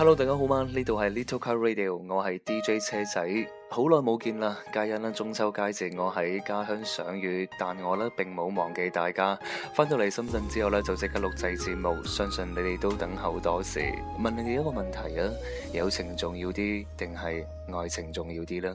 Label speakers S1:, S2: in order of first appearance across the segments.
S1: Hello，大家好嗎？呢度係 Little Car Radio，我係 DJ 車仔，好耐冇見啦！皆因啦，中秋佳節我喺家鄉賞月，但我呢，並冇忘記大家。翻到嚟深圳之後呢，就即刻錄製節目，相信你哋都等候多時。問你哋一個問題啊：友情重要啲定係愛情重要啲呢？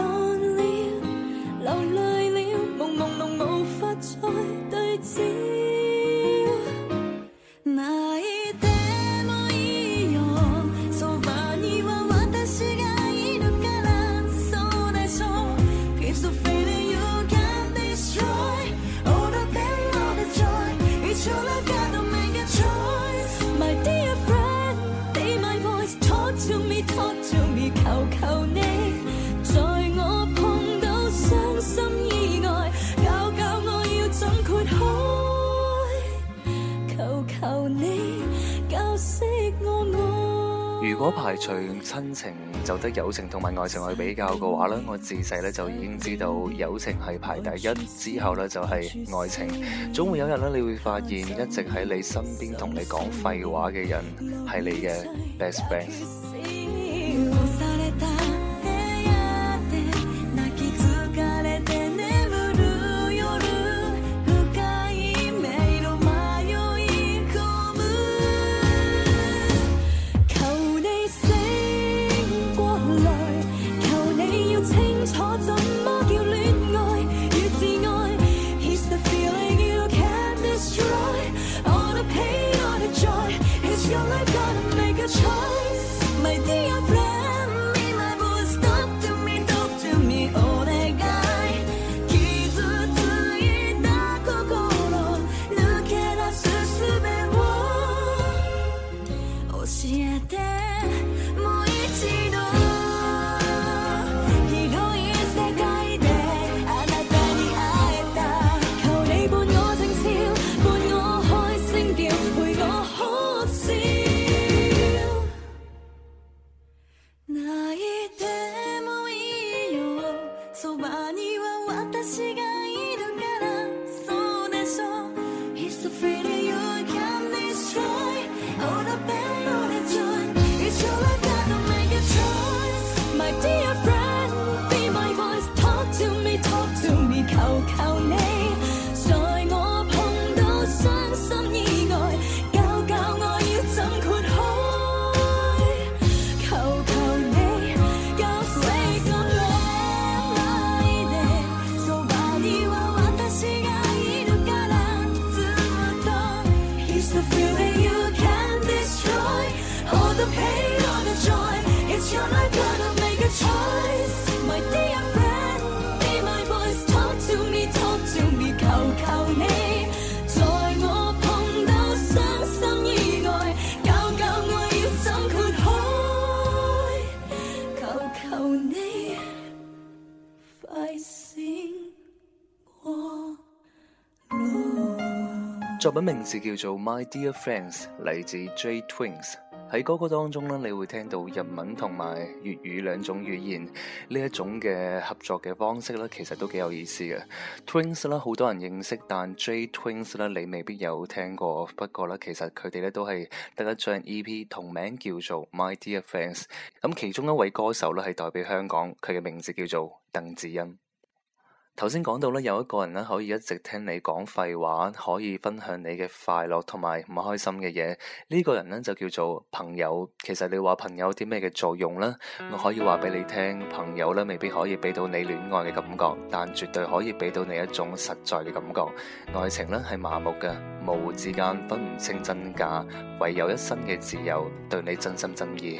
S1: 如果排除親情，就得友情同埋愛情去比較嘅話咧，我自細咧就已經知道友情係排第一，之後咧就係愛情。總會有人咧，你會發現一直喺你身邊同你講廢話嘅人，係你嘅 best friend。作品名字叫做 My Dear Friends，嚟自 J Twins。喺歌曲當中咧，你會聽到日文同埋粵語兩種語言呢一種嘅合作嘅方式咧，其實都幾有意思嘅。Twins 咧好多人認識，但 J Twins 咧你未必有聽過。不過咧，其實佢哋咧都係得一張 EP，同名叫做 My Dear Friends。咁其中一位歌手咧係代表香港，佢嘅名字叫做鄧智恩。頭先講到咧，有一個人咧可以一直聽你講廢話，可以分享你嘅快樂同埋唔開心嘅嘢，呢、這個人呢，就叫做朋友。其實你話朋友有啲咩嘅作用呢？我可以話俾你聽，朋友咧未必可以俾到你戀愛嘅感覺，但絕對可以俾到你一種實在嘅感覺。愛情咧係麻木嘅，模糊之間分唔清真假，唯有一生嘅自由，對你真心真意。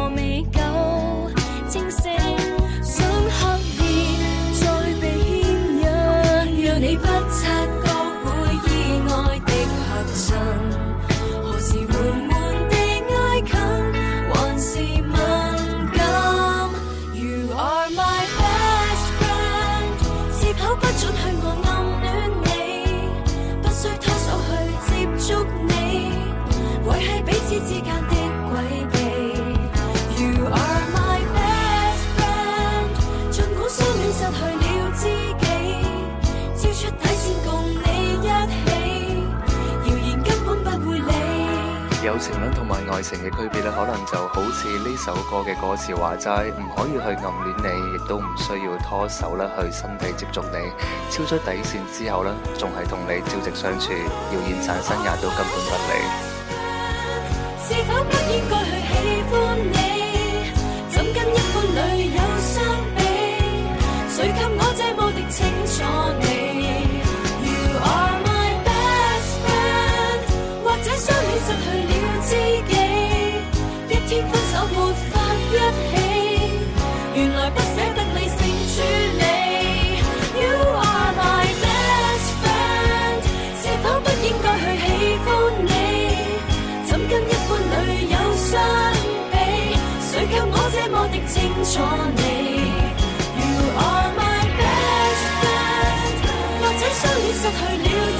S1: 嘅區別咧，可能就好似呢首歌嘅歌詞話齋，唔可以去暗戀你，亦都唔需要拖手咧去身體接觸你，超出底線之後咧，仲係同你朝夕相處，謠言產生也都根本不理。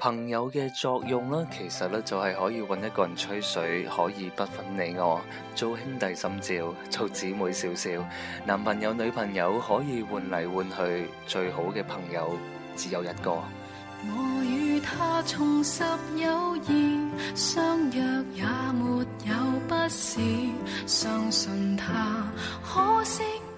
S1: 朋友嘅作用咧，其實咧就係可以揾一個人吹水，可以不分你我，做兄弟心照，做姊妹笑笑。男朋友女朋友可以換嚟換去，最好嘅朋友只有一個。
S2: 我與他重拾友誼，相約也沒有不是，相信他，可惜。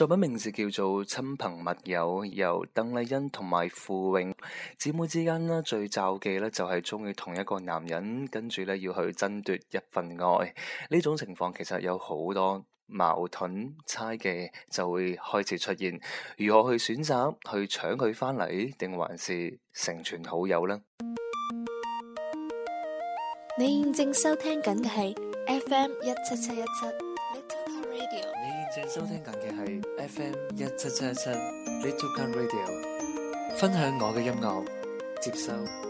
S1: 作品名字叫做《親朋密友》，由鄧麗欣同埋傅穎姊妹之間咧，最罩忌咧就係中意同一個男人，跟住咧要去爭奪一份愛。呢種情況其實有好多矛盾猜忌就會開始出現。如何去選擇去搶佢翻嚟，定還是成全好友呢？你正收聽緊嘅係 FM 一七七一七，Little Radio。收聽緊嘅係 FM 一七七七 Little Gun Radio，分享我嘅音樂，接收。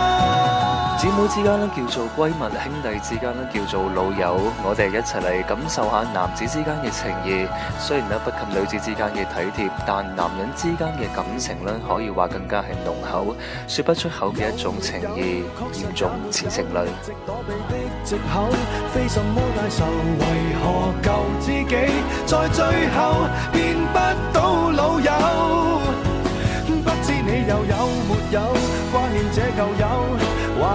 S1: 之間呢叫做閨蜜，兄弟之間呢叫做老友。我哋一齊嚟感受下男子之間嘅情義。雖然呢不及女子之間嘅體貼，但男人之間嘅感情呢可以話更加係濃厚，說不出口嘅一種情義，嚴重似
S3: 情侶。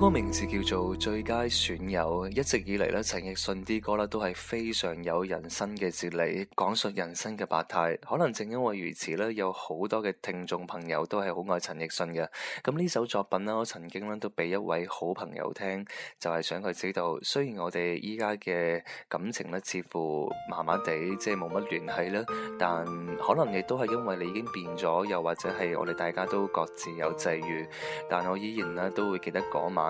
S1: 歌名字叫做《最佳損友》，一直以嚟咧，陳奕迅啲歌咧都係非常有人生嘅哲理，講述人生嘅百態。可能正因為如此咧，有好多嘅聽眾朋友都係好愛陳奕迅嘅。咁呢首作品咧，我曾經咧都俾一位好朋友聽，就係、是、想佢知道，雖然我哋依家嘅感情咧似乎麻麻地，即係冇乜聯繫啦，但可能亦都係因為你已經變咗，又或者係我哋大家都各自有際遇，但我依然咧都會記得嗰晚。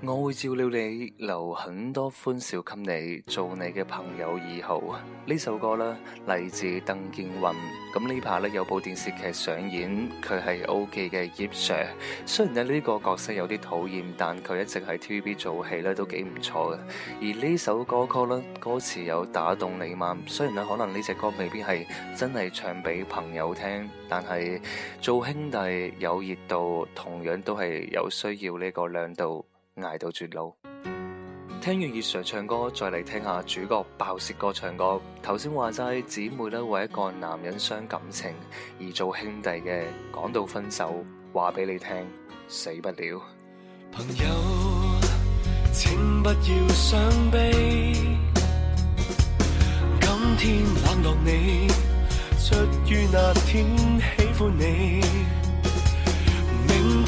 S1: 我會照料你，留很多歡笑給你，做你嘅朋友以後。呢首歌呢，嚟自鄧健泓。咁呢排呢，有部電視劇上演，佢係 O 記嘅葉 Sir。雖然呢呢個角色有啲討厭，但佢一直喺 TVB 做戲呢，都幾唔錯嘅。而呢首歌曲呢，歌詞有打動你嗎？雖然呢，可能呢隻歌未必係真係唱俾朋友聽，但係做兄弟有熱度，同樣都係有需要呢個亮度。挨到絕路，聽完熱常唱歌，再嚟聽下主角爆舌歌唱歌。頭先話齋姊妹咧為一個男人傷感情，而做兄弟嘅，講到分手話俾你聽，死不了。朋友，
S3: 請不要傷悲，今天冷落你，出於那天喜歡你。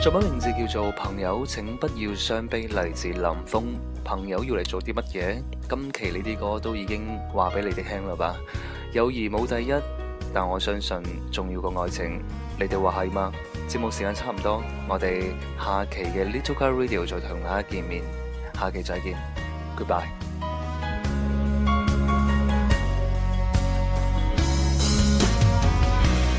S1: 作品名字叫做《朋友，請不要傷悲》，嚟自林峰。朋友要嚟做啲乜嘢？今期呢啲歌都已經話俾你哋聽啦吧。友誼冇第一，但我相信重要過愛情。你哋話係嗎？節目時間差唔多，我哋下期嘅 Little Girl Radio 再同大家見面。下期再見，Goodbye。